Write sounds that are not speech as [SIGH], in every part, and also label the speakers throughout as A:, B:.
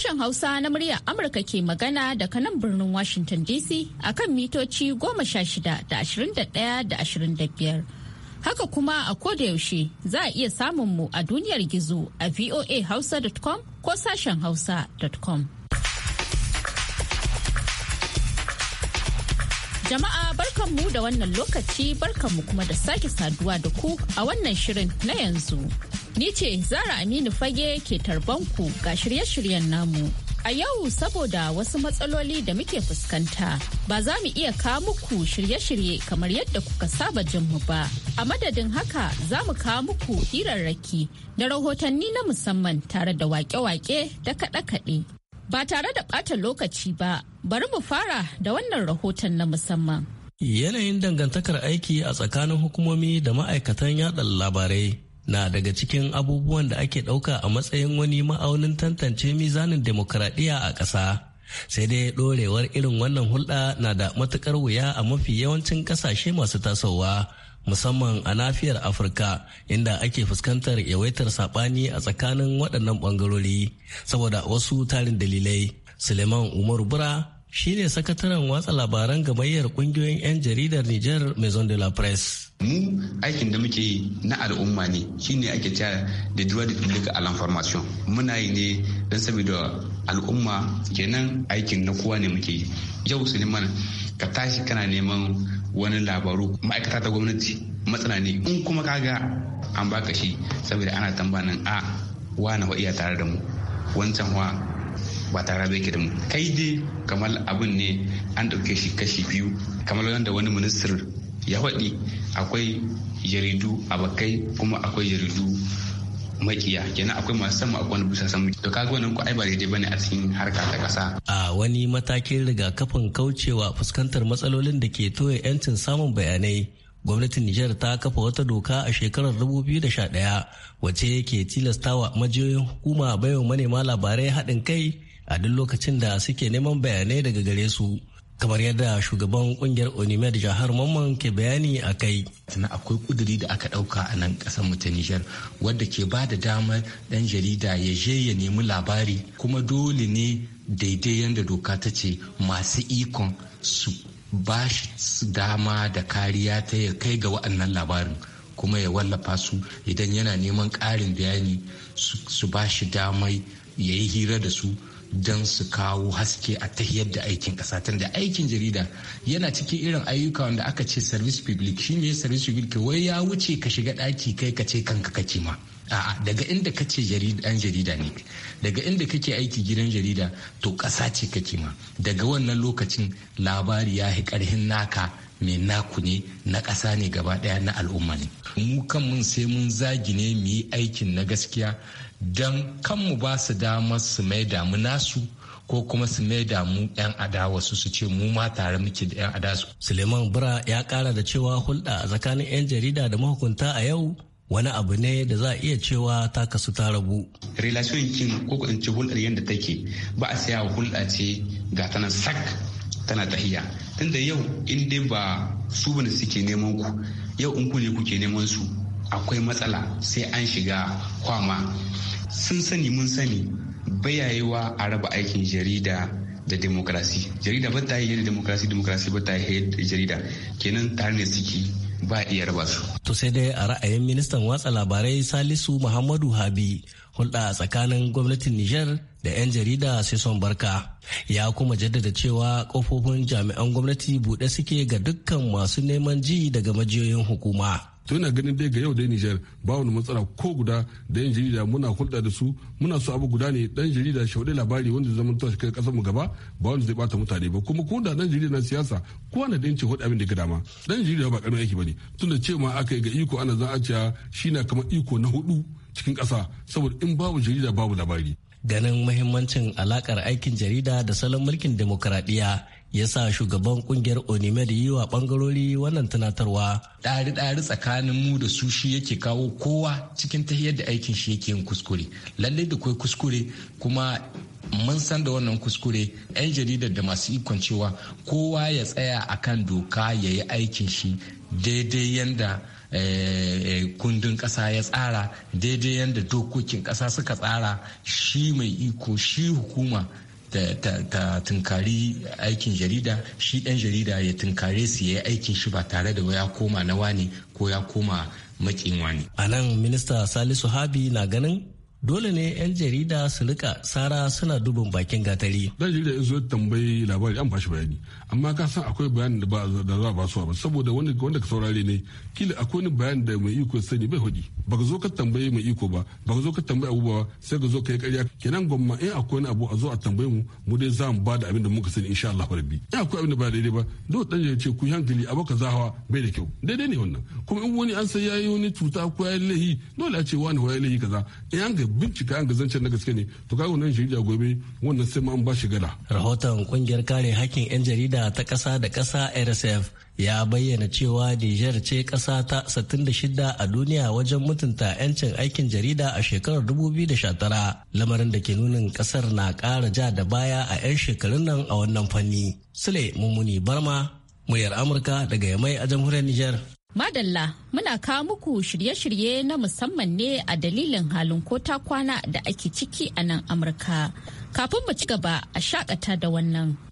A: Sashen Hausa na muryar Amurka ke magana daga nan birnin Washington DC a kan mitoci goma sha shida da ashirin da ɗaya da ashirin da biyar. Haka kuma a kodayaushe yaushe za a iya samun mu a duniyar gizo a voahausa.com ko sashen hausa.com. Jama'a barkanmu da wannan lokaci barkanmu kuma da sake saduwa da ku a wannan shirin na yanzu. Ni ce Zara Aminu Fage ke tarbanku ga shirye-shiryen namu. A yau saboda wasu matsaloli da muke fuskanta ba za mu iya kawo muku shirye-shirye kamar yadda kuka saba jin mu ba. A madadin haka za mu kawo muku hirarraki da rahotanni na musamman tare da wake-wake da kaɗe-kaɗe. Ba tare da ɓata lokaci ba, bari mu fara da wannan rahoton na musamman.
B: Yanayin dangantakar aiki a tsakanin hukumomi da ma'aikatan yaɗa labarai. na daga cikin abubuwan da ake ɗauka a matsayin wani ma'aunin tantance mizanin demokradiyya a ƙasa. sai dai ɗorewar irin wannan hulɗa na da matuƙar wuya a mafi yawancin ƙasashe masu tasowa musamman a nafiyar afirka inda ake fuskantar yawaitar saɓani a tsakanin waɗannan ɓangarori saboda wasu tarin dalilai suleiman umaru bura shine sakataren watsa labaran gamayyar kungiyoyin 'yan jaridar Nijar Maison de la Presse.
C: Mu aikin da muke yi na al'umma ne shine ake cewa da duwa da public a l'information. Muna yi ne don saboda al'umma kenan aikin na kowa ne muke yi. Yau Suleiman ka tashi kana neman wani labaru ma'aikata ta gwamnati matsala ne in kuma ga an baka shi saboda ana tambanin a wa na iya tare da mu wancan wa ba tare da yake da mu kai dai kamar abin ne an ɗauke shi kashi biyu kamar wanda wani ministar ya faɗi akwai jaridu bakai kuma akwai jaridu makiya kenan akwai masu sama akwai wani busa sama to kaga wannan ko ai ba daidai bane a cikin harka ta kasa
B: a wani matakin rigakafin kaucewa fuskantar matsalolin da ke toye yancin samun bayanai gwamnatin Nijar ta kafa wata doka a shekarar 2011 wacce ke tilastawa majiyoyin hukuma baiwa manema labarai haɗin kai a duk lokacin da suke neman bayanai daga gare su kamar yadda shugaban kungiyar onimed jihar mamman ke bayani a kai
D: akwai kuduri da aka dauka a nan kasar mu ta nijar wadda ke ba da damar dan jarida ya je ya nemi labari kuma dole ne daidai yadda doka ta ce masu ikon su ba shi dama da kariya ta ya kai ga wa'annan labarin kuma ya wallafa su idan yana neman ƙarin bayani su ba shi damai ya yi hira da su don su kawo haske a ta da aikin kasa tunda aikin jarida yana cikin irin ayyuka wanda aka ce service public shi ne service public wai ya wuce ka shiga ɗaki kai ka ce kanka kake ma a'a daga inda ka ce ɗan jarida ne daga inda kake aiki gidan jarida to ƙasa ce kake ma daga wannan lokacin labari ya hi karhin naka mai naku ne na ƙasa ne gaba ɗaya na al'umma ne mu kan mun sai mun zagi ne mu yi aikin na gaskiya don kanmu ba su damar su mai damu nasu ko kuma su mai damu 'yan adawa su su ce mu ma tare muke da 'yan adawa suleiman bura ya kara da cewa hulɗa a tsakanin 'yan
C: jarida da mahukunta a yau wani abu
B: ne da za a iya cewa ta kasu ta rabu.
C: relation kin ko in ce hulɗar yadda take ba a saya hulɗa ce ga tana sak tana tahiya tunda yau in dai ba su bane suke neman ku yau in ku ne kuke neman su akwai matsala sai an shiga kwama sun sani mun sani bayayewa a raba aikin jarida da demokrasi jarida ba ta yi da demokrasi demokrasi ba ta yi yadda jarida kenan tare ne suke ba iya raba su.
B: To sai dai a ra'ayin ministan watsa labarai Salisu Muhammadu Habi hulɗa tsakanin gwamnatin Nijar da 'yan jarida sai son barka. Ya kuma jaddada cewa
E: kofofin jami'an gwamnati buɗe suke ga dukkan masu neman ji daga majiyoyin hukuma. tuna ina ganin dai ga yau dai Nijar ba wani matsala ko guda da yan jarida muna hulɗa da su muna so abu guda ne dan jarida shaudai labari wanda zaman tashi kai kasar mu gaba ba wanda zai bata mutane ba kuma ko da dan jarida na siyasa ko wanda dan ce hulɗa abin da ga dama dan jarida ba karamin aiki ne tunda ce ma aka yi ga iko ana za a cewa shi na kamar iko na hudu cikin ƙasa saboda in babu jarida babu labari ganin mahimmancin alakar aikin jarida da salon mulkin demokuraɗiyya
B: ya sa shugaban kungiyar onimed yi wa bangarori wannan tunatarwa ɗari-ɗari
D: tsakanin mu da su shi yake kawo kowa cikin ta da aikin shi yake yin kuskure lallai da kai kuskure kuma mun san da wannan kuskure 'yan jaridar da masu ikon cewa kowa ya tsaya akan doka ya yi aikin shi daidai yanda Eh, eh, kundin ƙasa ya tsara daidai yadda dokokin ƙasa suka tsara shi mai iko shi hukuma ta tunkari aikin jarida shi ɗan jarida ya tunkare su ya yi aikin shi ba tare da ya koma na wani ko ya koma makin wani. a nan minista salisu habi na ganin dole ne 'yan
E: jarida su rika sara suna dubin bakin gatari. Dan jarida in zo tambayi labari an bashi bayani amma ka san akwai bayani da ba za a basu ba saboda wanda wanda ka saurare ne kila akwai wani bayani da mai iko sani bai hudi ka zo ka tambayi mai iko ba ba ka zo ka tambayi abubuwa sai ka zo ka yi karya kenan gwamma in akwai wani abu a zo a tambayi mu mu dai za mu ba da abin da muka sani insha Allah rabbi in akwai abin da ba daidai ba dole dan jarida ce ku hankali abu baka zahawa bai da kyau daidai ne wannan kuma in wani an sai yayi wani cuta ko yayi lahi dole a ce wani yayi lahi kaza in an bincika an gazancen na gaske ne to kaga wannan shirya gobe wannan sai ma an ba shi gada
B: rahoton kungiyar kare hakkin yan jarida ta kasa da kasa rsf ya bayyana cewa Nijar ce kasa ta 66 a duniya wajen mutunta 'yancin aikin jarida a shekarar 2019 lamarin da ke nunin kasar na ƙara ja da baya a 'yan shekarun nan a wannan fanni. Sule Mummuni Barma, muyar Amurka daga Yamai a jamhuriyar niger.
A: Madalla muna kawo muku shirye-shirye na musamman ne a dalilin halin ko kwana da ake ciki a nan Amurka. Kafin mu ci gaba a shakata da wannan.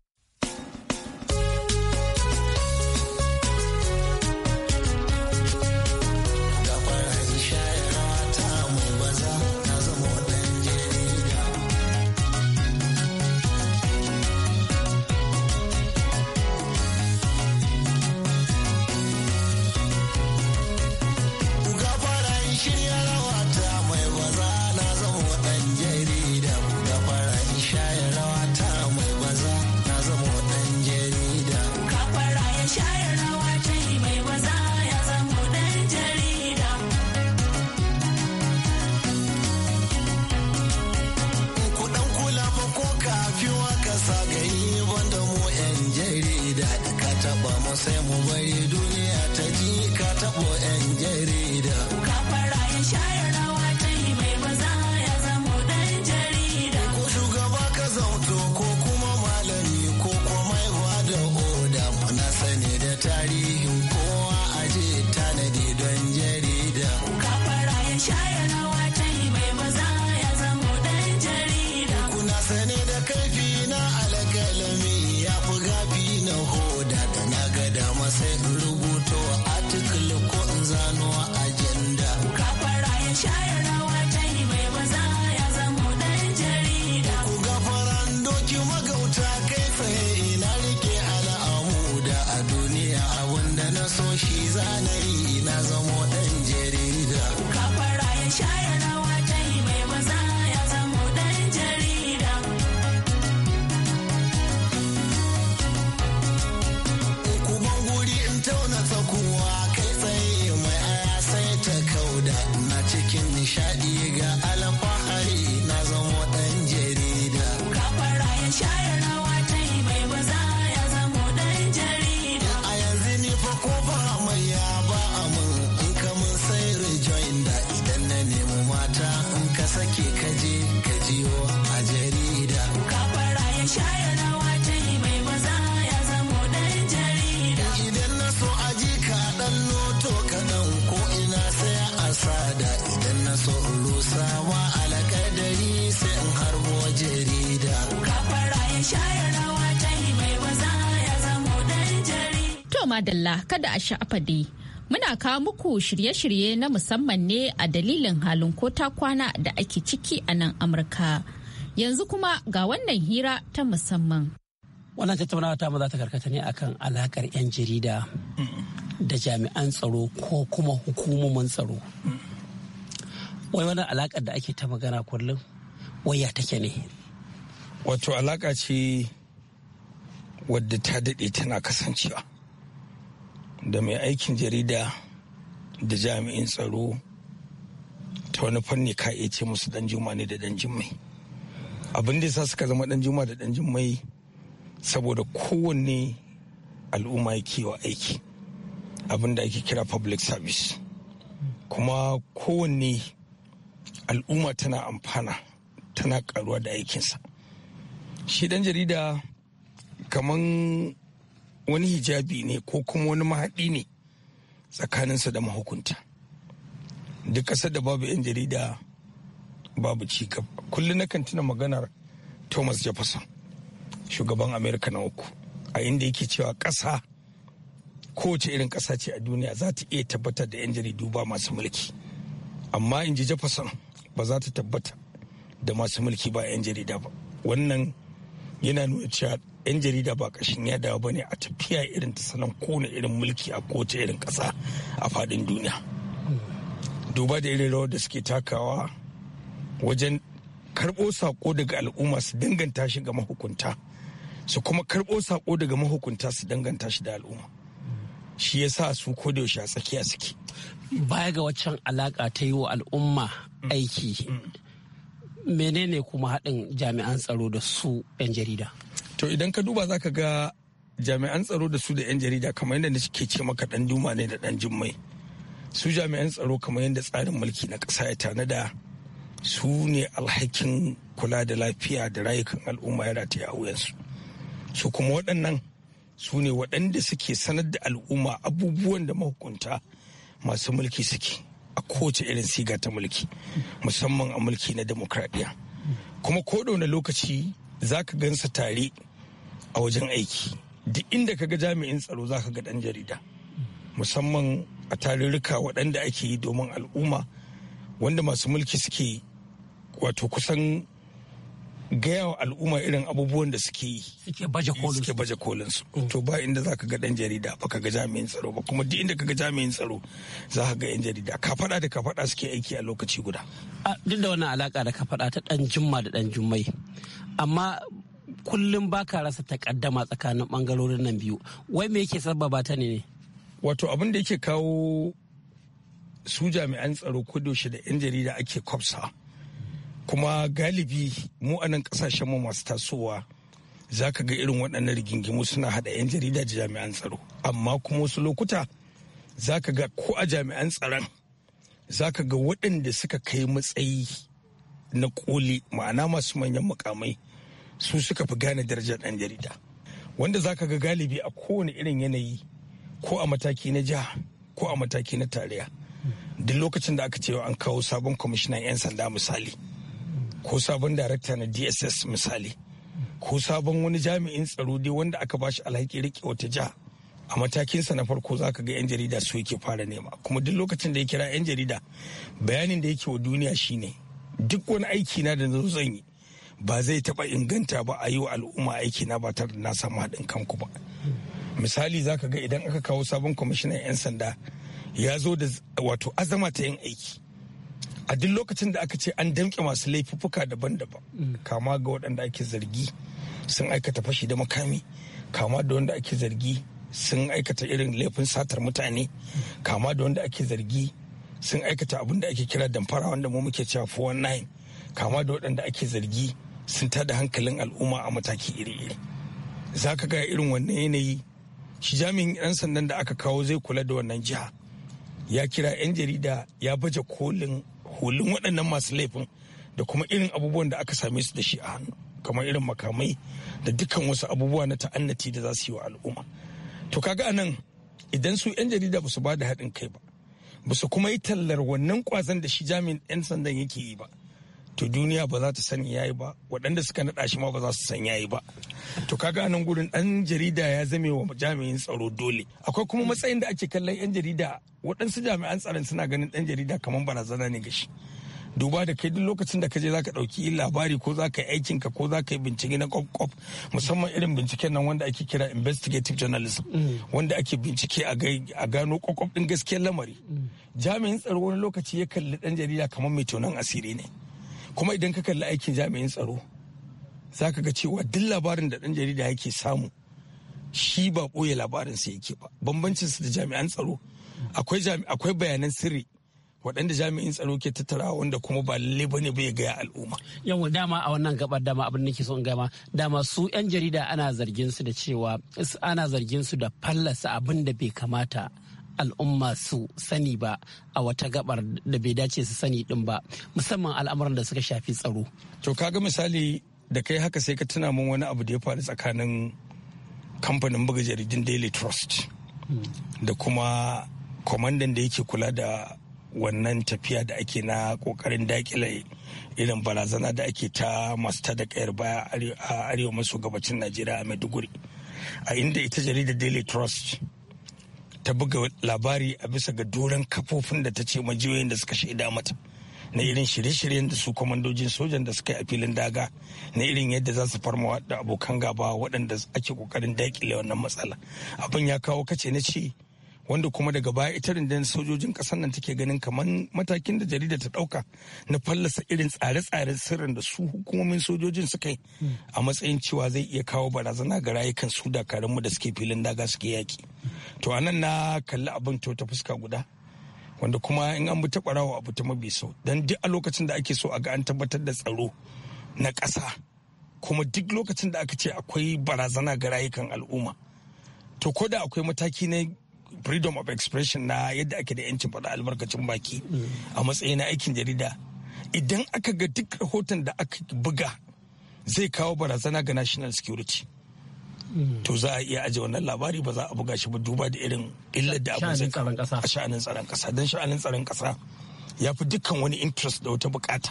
A: madalla kada a sha'afa dai. Muna kawo muku shirye-shirye na musamman ne a dalilin halin ko ta kwana da ake ciki a nan Amurka. Yanzu kuma ga wannan hira ta musamman.
F: Wannan tattaunawa ta za ta karkata ne akan alakar 'yan jarida da jami'an tsaro ko kuma hukumomin tsaro. Wai wani alakar da ake ta magana kullum
G: wai ya take ne. Wato alaka ce wadda ta daɗe tana kasancewa. da mai aikin jarida da jami'in tsaro ta wani fanni ka iya ce musu dan juma ne da dan jimai. abin da sa suka zama dan juma da dan jimai, saboda kowanne al'umma ya kewa aiki abin da ake kira public service kuma kowanne al'umma tana amfana tana karuwa da aikinsa shi dan jarida kaman wani hijabi ne ko kuma wani mahaɗi ne tsakaninsa da mahukunta duk ƙasar da babu 'yan jarida babu cikab kullum na kan tuna maganar thomas jefferson shugaban amerika na uku a inda yake cewa ƙasa kowace irin ƙasa ce a duniya za ta iya tabbatar da 'yan jaridu ba masu mulki amma in ji jefferson ba za ta tabbata da masu mulki ba 'yan jarida ba wannan yana nuna cewa 'yan jarida ba kashin ya dawo ba ne a tafiya irin ta sanan kone irin mulki a kowace irin kasa a faɗin duniya duba da irin rawar da suke takawa wajen karbo saƙo daga al'umma su danganta shi ga mahukunta su kuma karɓo sako daga mahukunta su danganta shi da al'umma shi ya sa su ko da a tsakiya suke baya ga waccan alaƙa ta yi wa al'umma mm. aiki mm.
F: menene kuma haɗin jami'an tsaro da su 'yan jarida
G: to idan ka duba zaka ga jami'an tsaro da su da 'yan jarida kamar yadda na ke ce maka dan duma ne da dan jummai su jami'an tsaro kamar yadda tsarin mulki na ƙasa ya tanada su ne alhakin kula da lafiya da rayukan al'umma ya rataya a wuyansu su kuma waɗannan su ne waɗanda suke sanar da al'umma abubuwan da mahukunta masu mulki suke a kowace irin siga ta mulki musamman a mulki na demokradiyya kuma ko da lokaci za ka gansa tare a wajen aiki duk inda ka ga jami'in tsaro za ka ga ɗan jarida musamman a tarurruka waɗanda ake yi domin al'umma wanda masu mulki suke wato kusan gaya wa al'umma irin abubuwan da suke yi suke baje kolin su mm. to ba inda zaka ga dan jarida ba ka ga jami'in tsaro ba kuma duk inda ka ga jami'in tsaro za ka ga yan jarida ka faɗa da ka faɗa suke aiki a lokaci guda
F: duk da wannan alaka da ka faɗa ta dan jumma da dan jummai amma kullum ba ka rasa takaddama tsakanin bangarorin
G: nan biyu wai me yake sababa ta ne wato abin da yake kawo su jami'an tsaro ko da yan jarida ake kwafsa kuma galibi mu a nan kasashen mu masu tasowa za ka ga irin waɗannan rigingimu suna haɗa 'yan jarida da jami'an tsaro amma kuma wasu lokuta za ka ga ko a jami'an tsaron za ka ga waɗanda suka kai matsayi na koli ma'ana masu manyan mukamai su suka fi gane darajar ɗan jarida wanda za ka ga galibi a kowane irin yanayi ko a mataki na jiha ko a mataki na tariya duk lokacin da aka cewa an kawo sabon kwamishinan 'yan sanda misali ko sabon darakta na dss misali ko sabon wani jami'in tsaro dai wanda aka bashi alhaki rike wata jiha a matakinsa na farko za ka ga 'yan jarida su yake fara nema kuma duk lokacin da ya kira 'yan jarida bayanin da yake wa duniya shine duk wani aiki na da zan yi ba zai taba inganta ba a yi wa al'umma aiki na ba tare da na samu haɗin kanku ba misali za ka ga idan aka kawo sabon kwamishinan 'yan sanda ya zo da wato azama ta yin aiki a duk lokacin da aka ce an damke masu laifuka daban-daban mm. kama ga waɗanda ake zargi sun aikata fashi da makami kama da wanda ake zargi sun aikata irin laifin satar mutane kama da wanda ake zargi sun aikata abin da ake kira damfara wanda mu muke cewa 419 kama da waɗanda ake zargi sun tada hankalin al'umma a mataki iri-iri za ka ga irin wannan yanayi shi jami'in 'yan sandan da aka kawo zai kula da wannan jiha ya kira 'yan jarida ya baje kolin hulun waɗannan masu laifin da kuma irin abubuwan da aka same su da shi a hannu kamar irin makamai da dukkan wasu abubuwa na ta'annati da za su yi wa al'umma to kaga nan idan su 'yan jarida ba su ba da haɗin kai ba ba su kuma yi tallar wannan kwazon da shi jami'in 'yan sandan yake yi ba to duniya ba za ta sani yayi ba waɗanda suka naɗa shi ma ba za su san yayi ba to kaga nan gurin ɗan jarida ya zame wa jami'in tsaro dole akwai kuma matsayin da ake kallon ɗan jarida waɗansu jami'an tsaron suna ganin ɗan jarida kamar barazana ne ga shi duba da kai duk lokacin da ka je zaka ɗauki labari ko zaka yi aikin ka ko zaka yi bincike na kwaf musamman irin binciken nan wanda ake kira investigative journalism mm. wanda ake bincike a gano kwakwaf ɗin gaskiyar lamari mm. jami'in tsaro wani lokaci ya kalli dan jarida kamar mai tonon asiri ne kuma idan ka kalli aikin jami'in tsaro za ka ga cewa duk labarin da ɗan jarida yake samu shi ba ɓoye labarinsa yake ba bambancinsa da jami'an tsaro akwai bayanan sirri waɗanda jami'in tsaro ke tattara wanda kuma ba lalle ba ne bai gaya al'umma.
F: Yawa dama a wannan gabar dama abin da ke son gama dama su 'yan jarida ana zargin su da cewa ana zargin su da fallasa abin da bai kamata al'umma su sani ba a wata gabar da bai dace su sani din ba musamman al'amuran da suka shafi tsaro. To kaga
G: misali da kai haka sai ka tuna min wani abu da ya faru tsakanin kamfanin buga jaridun Daily Trust da kuma kwamandan da yake kula da wannan tafiya da ake na kokarin dakile irin barazana da ake ta masu da kayar baya a arewa maso gabacin najeriya a maiduguri a inda ita jaridar daily trust ta buga labari a bisa ga doron kafofin da ta ce majiyoyin da suka shaida mata na irin shirye-shiryen da su kwamandojin sojan da suka yi a filin daga na irin yadda za su farma da abokan gaba waɗanda ake ƙoƙarin daƙile wannan matsala abin ya kawo kace na ce wanda kuma daga baya ita rundunar sojojin kasar nan take ganin kamar matakin da jarida ta ɗauka na fallasa irin tsare-tsaren sirrin da su hukumomin sojojin suka yi a matsayin cewa zai iya kawo barazana ga rayukan su mu da suke filin daga suke yaki to anan na kalli abin to ta fuska guda wanda kuma in an bi ta ɓarawa abu ta mabi sau Dan duk a lokacin da ake so a ga an tabbatar da tsaro na ƙasa kuma duk lokacin da aka ce akwai barazana ga rayukan al'umma to ko da akwai mataki na freedom of expression na yadda ake da yancin faɗa albarkacin baki a matsayin aikin jarida idan aka ga duk rahoton da aka buga zai kawo barazana ga national security to za a iya aje wannan labari ba za a buga shi ba duba da irin illar da abin zai kawo a sha'anin tsaron kasa don sha'anin tsaron kasa ya fi dukkan wani interest da wata bukata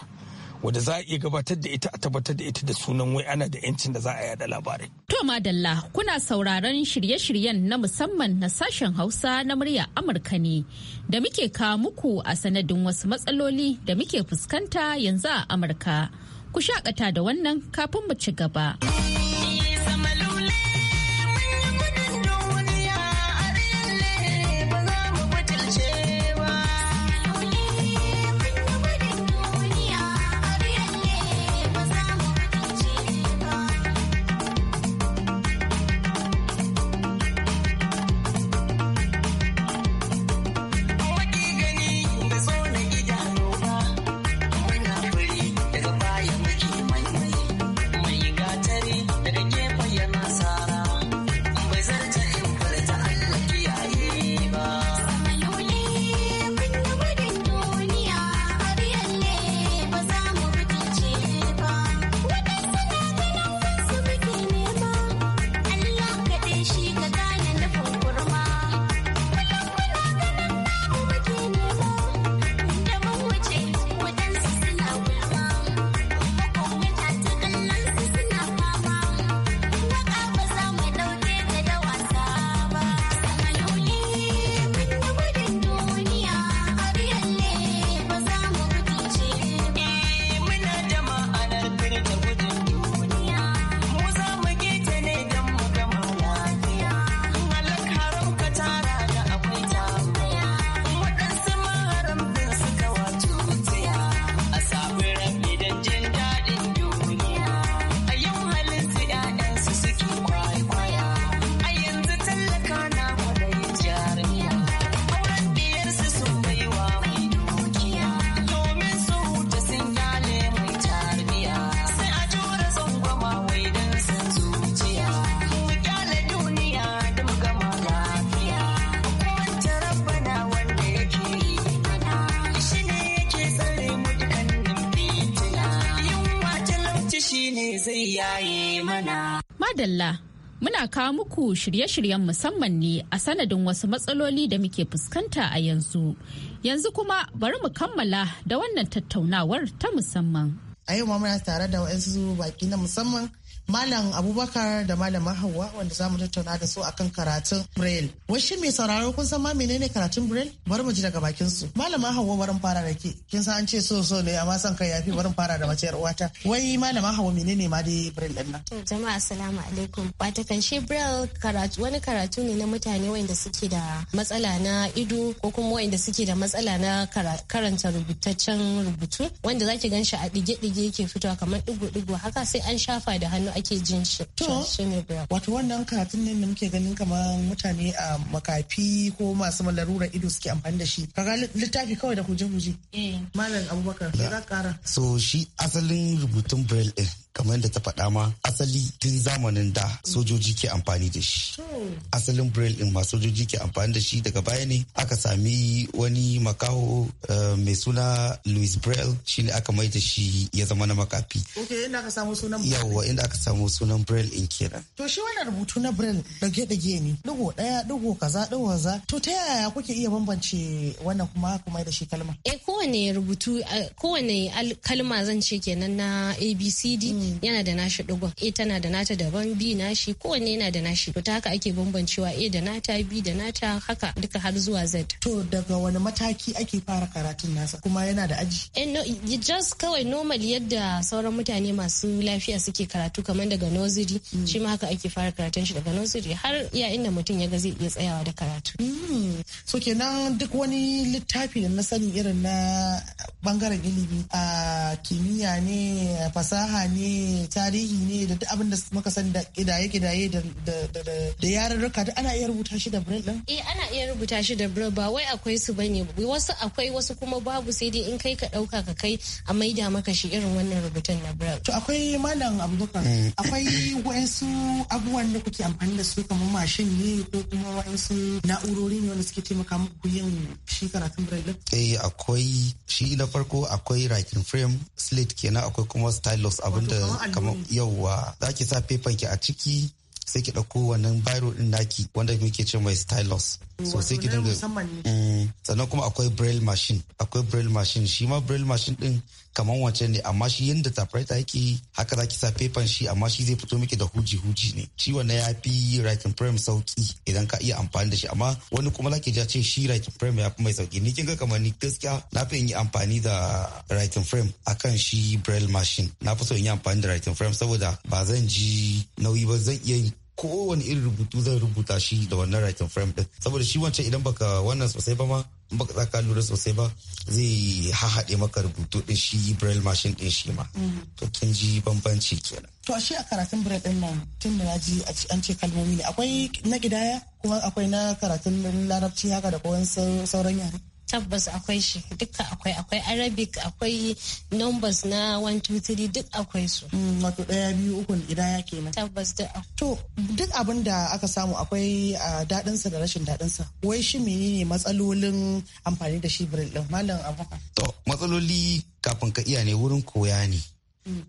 G: wadda za a iya gabatar da ita a tabbatar da ita da sunan wai ana da 'yancin da za a yada labarai.
A: To Madalla kuna sauraron shirye-shiryen na musamman na sashen Hausa na murya Amurka ne da muke kawo muku a sanadin wasu matsaloli da muke fuskanta yanzu a Amurka. Ku shakata da wannan kafin mu ci gaba. ka muku shirye-shiryen musamman ne a sanadin wasu matsaloli da muke fuskanta a yanzu. Yanzu
H: kuma bari mu kammala da wannan tattaunawar ta musamman. A yau muna tare da waɗansu baki na musamman Malam Abubakar da Malam Hauwa wanda za mu tattauna da su akan karatun Braille. Washi mai sauraro kun san ma menene karatun Braille? Bari mu ji daga bakin su. Malam Hauwa barin fara da ke. Kin san an ce so so ne amma san kai yafi barin fara da mace yar uwata. Wai Malam Hauwa menene ma dai Braille din nan?
I: jama'a assalamu alaikum. Wata kan shi Braille karatu wani karatu ne na mutane wanda suke da matsala na ido ko kuma wanda suke da matsala na karanta rubutaccen rubutu wanda zaki ganshi a dige-dige yake fitowa kamar digo-digo haka sai an shafa da hannu ake jin shi. wato wannan katin ne da muke ganin
H: kamar mutane a makafi ko masu malarura ido suke amfani da shi. Kaga littafi kawai da kuje-kuje. Eh. Malam Abubakar, za ƙara.
J: So shi asalin rubutun Braille ɗin kamar yadda ta faɗa ma asali tun zamanin da sojoji ke amfani da shi asalin braille din ma sojoji ke amfani da shi daga baya ne aka sami wani makaho eh, mai suna louis braille shine aka mai da shi ya zama na makafi
H: yawwa samu sunan inda
J: aka samu sunan braille in kenan
H: to shi wannan rubutu na braille dage dage ne digo daya digo kaza digo kaza to ta yaya kuke iya bambance wannan kuma kuma da shi kalma
I: eh kowane rubutu eh, kowane kalma zan ce kenan na abcd mm. yana da nashi digon a tana da nata daban b nashi kowanne yana da nashi to ta haka ake bambancewa a da nata b da nata haka duka har zuwa z to daga wani mataki ake fara karatun nasa kuma yana da aji eh no just kawai normal yadda sauran mutane masu lafiya suke karatu kamar daga nursery mm. shi ma haka ake fara karatun shi daga nursery har iya inda mutum ya ga zai iya tsayawa da karatu mm. so kenan duk wani littafi da na
H: sani irin na bangaren ilimi a kimiyya ne fasaha ne ne tarihi ne da duk abin da muka san da kidaye-kidaye da yarurruka
I: da ana iya rubuta shi da braille din? Eh ana iya rubuta shi da braille ba wai akwai su bane wasu akwai wasu kuma babu sai dai in kai ka dauka ka kai a maida maka shi irin wannan rubutun na braille. To akwai
H: malam Abubakar mm. akwai wayansu abubuwan da kuke amfani da su kamar mashin
J: ne ko kuma wayansu na'urori ne wanda suke taimaka muku yin shi karatun braille? Eh akwai shi na farko akwai writing frame slate kenan akwai kuma stylus abinda kamar yauwa za ki sa fefan ki a ciki sai ki ɗauko wannan biro ɗin naki wanda muke ce mai stylus so sai ki dinga mm, sannan kuma akwai braille machine akwai braille machine shi ma braille machine ɗin kaman wace ne amma shi yadda typewriter yake haka za ki sa fefan shi amma shi zai fito miki da huji huji ne shi wannan ya fi writing frame sauki idan ka iya amfani da shi amma wani kuma za ki ja ce shi writing frame ya fi mai sauki ni kin ga kamar ni gaskiya na fi yi amfani da writing frame akan shi braille machine na fi so in yi amfani da writing frame saboda ba zan ji nauyi ba zan iya kowane irin rubutu zan rubuta shi da wannan writing frame din saboda shi wancan idan baka wannan sosai ba ma baka tsaka lura sosai ba zai hahaɗe maka rubutu ɗin shi braille machine ɗin shi ma mm-hmm. to kin ji bambanci kenan
H: to shi a karatun braille ɗin nan tun da ji an ce kalmomi ne akwai na gidaya
I: kuma akwai na karatun larabci haka da kowan sauran yare tabbas akwai shi duka akwai akwai arabic akwai numbers na 123 duk akwai su mm, wato daya biyu uku gida ya kenan tabbas da to duk abin da aka samu akwai
H: daɗin sa da rashin daɗin sa wai shi menene matsalolin amfani da shi braille din malam abubakar
J: to matsaloli kafin ka iya ne wurin koya ne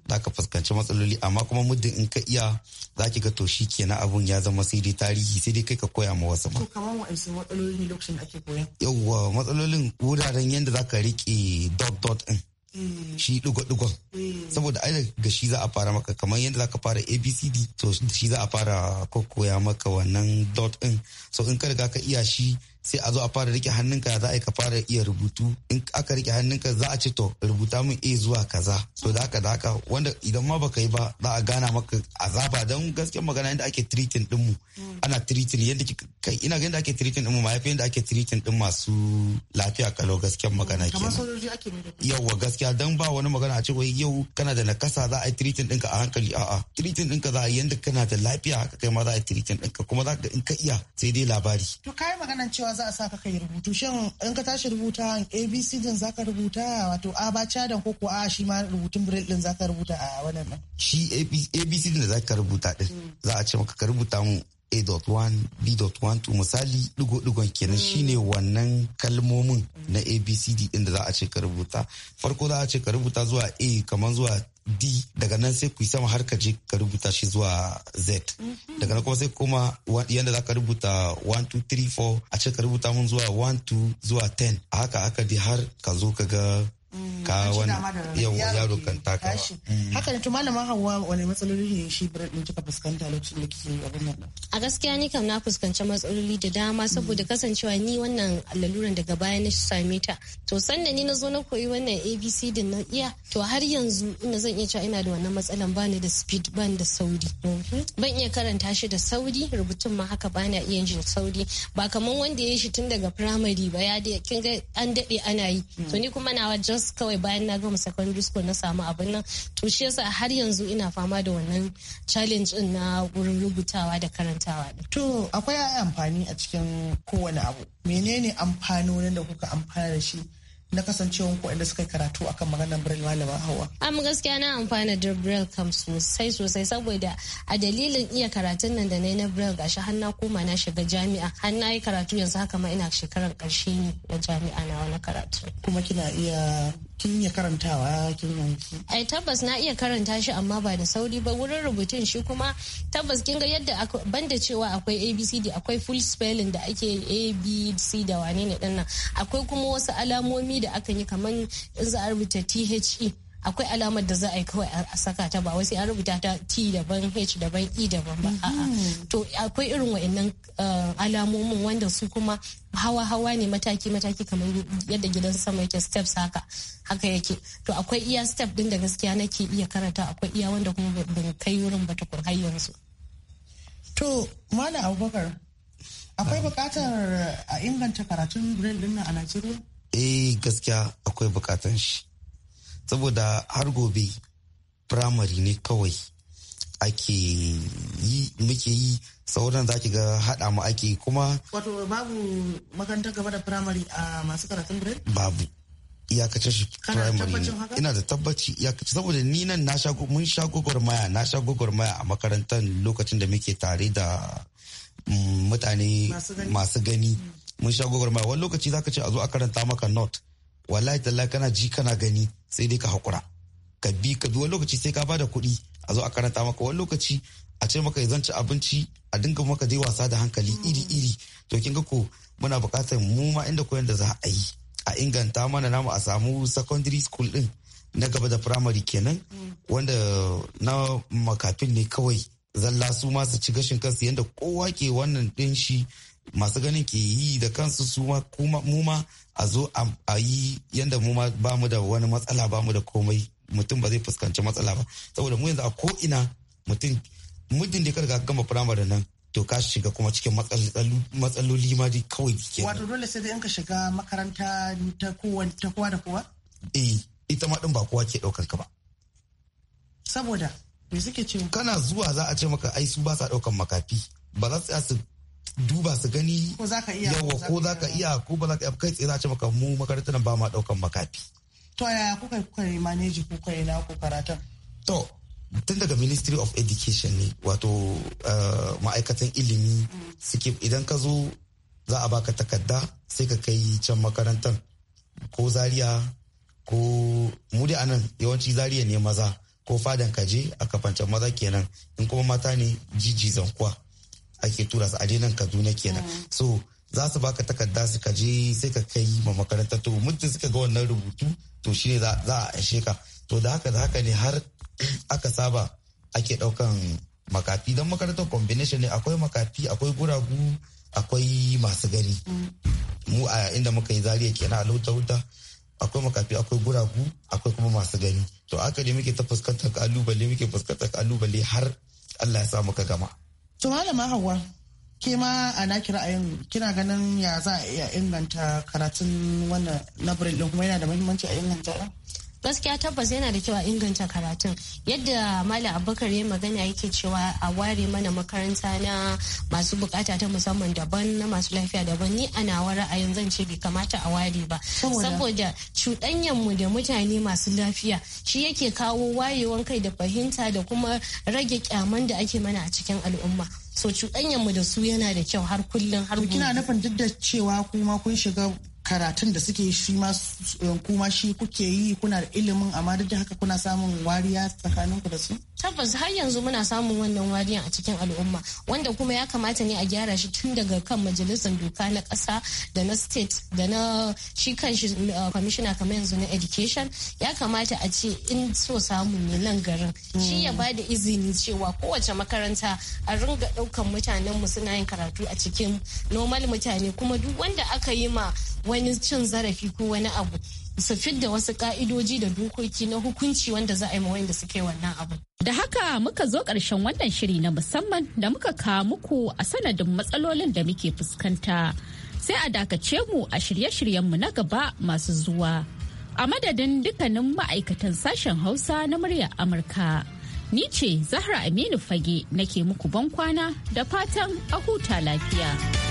J: za ka fuskanci matsaloli amma kuma muddin in ka iya za ki ga to shi kenan abun ya zama sai dai tarihi sai dai kai ka koya ma wasu ma.
H: kamar wa'ansu matsaloli ne lokacin da ake koya.
J: yawwa matsalolin wuraren yadda za ka riƙe dot dot ɗin. Eh. shi digo-digon eh. saboda ai ga shi za a fara maka kamar yadda za ka fara abcd to shi za a fara koya maka wannan dot ɗin so in ka riga ka iya shi sai a zo a fara rike hannunka za a yi ka fara iya rubutu in aka rike hannunka za a ci to rubuta min a zuwa kaza so da haka da haka wanda idan ma baka yi ba za a gana maka azaba don gaskiyar magana yadda ake treating din mu mm. ana treating yadda kai ina ga yadda ake treating din mu ma yafi yadda ake treating din masu lafiya kalau gaskiyar magana mm,
H: kenan
J: yawa gaskiya dan ba wani magana a ce wai yau kana da nakasa za a yi treating ɗinka a hankali a'a treating ɗinka za a yi yadda kana da lafiya kai ma za a yi treating ɗinka kuma za ka in ka iya sai dai labari
H: to kai maganan cewa cewa za a sa ka yi rubutu shin in ka tashi rubuta abc din za ka rubuta wato a ba cadan ko a shi ma rubutun braille din za ka rubuta a wannan
J: shi abc din da za ka rubuta din za a ce maka ka rubuta mu a.1b.12 misali digo-digon kenan shine wannan kalmomin na abcd din da za a ce ka rubuta farko za a ce ka rubuta zuwa a kamar zuwa d daga nan sai ku yi sama har ka je ka rubuta shi zuwa z daga nan kuma sai kuma yadda za ka rubuta 1 2 3 4 a ce ka rubuta mun zuwa 1 2 zuwa 10 a haka aka dai har ka zo ka ga Mm, ka wani yaro kan taka mm.
H: haka da hawa wani matsaloli ne shi kika fuskanta lokacin da kike abin nan
I: a gaskiya ni kam na fuskanci matsaloli da dama saboda mm. kasancewa ni wannan laluran daga baya na same ta to sannan ni na zo na koyi wannan abc din na iya to har yanzu ina zan iya cewa ina da wannan matsalan bani da speed bani da sauri mhm. ban iya karanta shi da sauri rubutun ma haka bana iya jin sauri ba kamar wanda ya yi shi tun daga primary ba ya da kin ga an dade ana yi to ni kuma na wajen just kawai bayan na gama secondary school na samu abin nan to shi yasa har yanzu ina fama da wannan challenge din na wurin rubutawa da karantawa
H: to akwai amfani a cikin kowane abu menene amfanonin da kuka amfana da shi na kasancewan ku inda suka karatu akan maganar braille malama hawa
I: am gaskiya na amfana da braille kam sosai sosai saboda a dalilin iya karatun nan da na na braille gashi har na koma na shiga jami'a har na yi karatu yanzu haka ma ina shekarar karshe ne na jami'a na wani karatu kuma
H: kina iya kin iya karantawa kin yanki
I: ai tabbas na iya karanta shi amma ba da sauri ba wurin rubutun shi kuma tabbas kin ga yadda banda cewa akwai abcd akwai full spelling da ake abc da wane ne dinnan akwai kuma wasu alamomi da aka yi kamar in za a rubuta the akwai alamar da za a yi kawai a saka ta ba wasu sai an rubuta ta T daban H daban E daban ba a'a mm-hmm. to akwai irin wa'annan eh, alamomin wanda su kuma hawa hawa ne mataki mataki kamar yadda gidan sama yake steps haka haka yake to akwai iya step din da gaskiya nake iya karanta akwai iya wanda kuma ban kai wurin ba tukur har yanzu to mana abubakar
J: akwai
H: bukatar a inganta karatun green din a Najeriya
J: eh gaskiya akwai bukatan shi saboda har gobe firamare ne kawai ake yi muke yi sauran za ki ga haɗa mu ake kuma
H: wato babu makarantar gaba da firamare a masu karatun grade
J: babu iyakacin shi primary ina da tabbaci iyakacin saboda ni nan na sha mun sha gwagwarmaya na sha gwagwarmaya a makarantar lokacin da muke tare da mm, mutane masu gani mun sha gwagwarmaya wani lokaci zaka ce a zo a karanta maka not wallahi tallahi kana ji kana gani sai dai ka hakura ka bi ka bi wani lokaci sai ka bada kuɗi a zo a karanta maka wani lokaci a ce maka zanci abinci a dinga maka je wasa da hankali iri iri to kin ga ko muna buƙatar mu ma inda koyon da za a yi a inganta mana namu a samu secondary school din na gaba da primary kenan wanda na makafin ne kawai zalla su ma su ci gashin kansu yadda kowa ke wannan din shi masu ganin ke yi da kansu su kuma muma a zo a yi yadda mu ma ba mu da wani matsala ba mu da komai mutum ba zai fuskanci matsala ba saboda mu yanzu a ko ina mutum muddin da ka riga gama firamare nan to ka shiga kuma cikin matsaloli ma dai kawai ke wato
H: dole sai dai in ka shiga makaranta ta kowa ta
J: kowa da kowa eh ita ma din ba kowa ke daukar ka ba saboda me suke cewa kana zuwa za a ce maka ai su ba sa daukan makafi ba za su duba su gani yawa ko za ka iya ko ba za ka iya kai tsaye za ce maka mu makarantar nan ba ma daukan makafi.
H: To yaya kuka kuka yi maneji kuka yi naku karatun?
J: To tun daga Ministry of Education ne wato eh, ma'aikatan ilimi suke idan ka zo za a baka takarda sai ka kai can makarantar ko zaria ko mu da anan yawanci zaria ne maza ko fadan kaje a kafancan maza kenan in kuma mata ne jiji zankuwa. ake tura su a nan kaduna kenan mm. so za su baka takarda su ka je sai ka kai ma makaranta to muddin suka ga wannan rubutu to shine za a aishe ka to da haka da haka ne har [CLEARS THROAT] aka saba ake daukan makafi don makarantar combination ne akwai makafi akwai guragu akwai masu gani mm. mu a inda muka yi zariya kenan a lauta wuta akwai makafi akwai guragu akwai kuma masu gani to aka ne muke ta fuskantar kalubale muke fuskantar kalubale har Allah ya sa muka gama
H: To malama Hauwa, ke ma a naki ra'ayin kina ganin ya za a iya inganta karatun wannan na din kuma
I: yana da muhimmanci a inganta gaskiya tabbas yana da kyau a inganta karatun yadda malam abubakar ya magana yake cewa a ware mana makaranta na masu bukata ta musamman daban na masu lafiya daban ni a nawa ra'ayin zan ce bai kamata a ware ba saboda cuɗanyan mu da mutane masu lafiya shi yake kawo wayewan kai da fahimta da kuma rage kyaman da ake mana a cikin al'umma so cuɗanyan mu da su yana da kyau har kullum har kina
H: nufin duk da cewa kuma kun shiga karatun da suke shi ma eh, kuma shi kuke yi kuna da ilimin amma duk da haka kuna samun wariya tsakaninku da su
I: tabbas har yanzu muna samun wannan wariyan a cikin al'umma wanda kuma ya kamata ne a gyara shi tun daga kan majalisar doka na ƙasa da na state da na shi kan shi uh, kwamishina kamar yanzu na education ya kamata a ce in so samu ne nan garin shi ya hmm. ba da izini cewa kowace makaranta a ringa ɗaukan mutanen mu suna yin karatu a cikin normal mutane kuma duk wanda aka yi ma wani cin zarafi ko wani abu su fidda wasu ka'idoji da dokoki na hukunci wanda za a yi wanda suke wannan abu. Da
A: haka muka zo ƙarshen wannan shiri na musamman da muka kawo muku a sanadin matsalolin da muke fuskanta. Sai a dakace mu a shirye-shiryenmu na gaba masu zuwa. A madadin dukkanin ma'aikatan sashen Hausa na muryar Amurka. Ni ce Zahra Aminu Fage nake muku ban kwana da fatan a huta lafiya.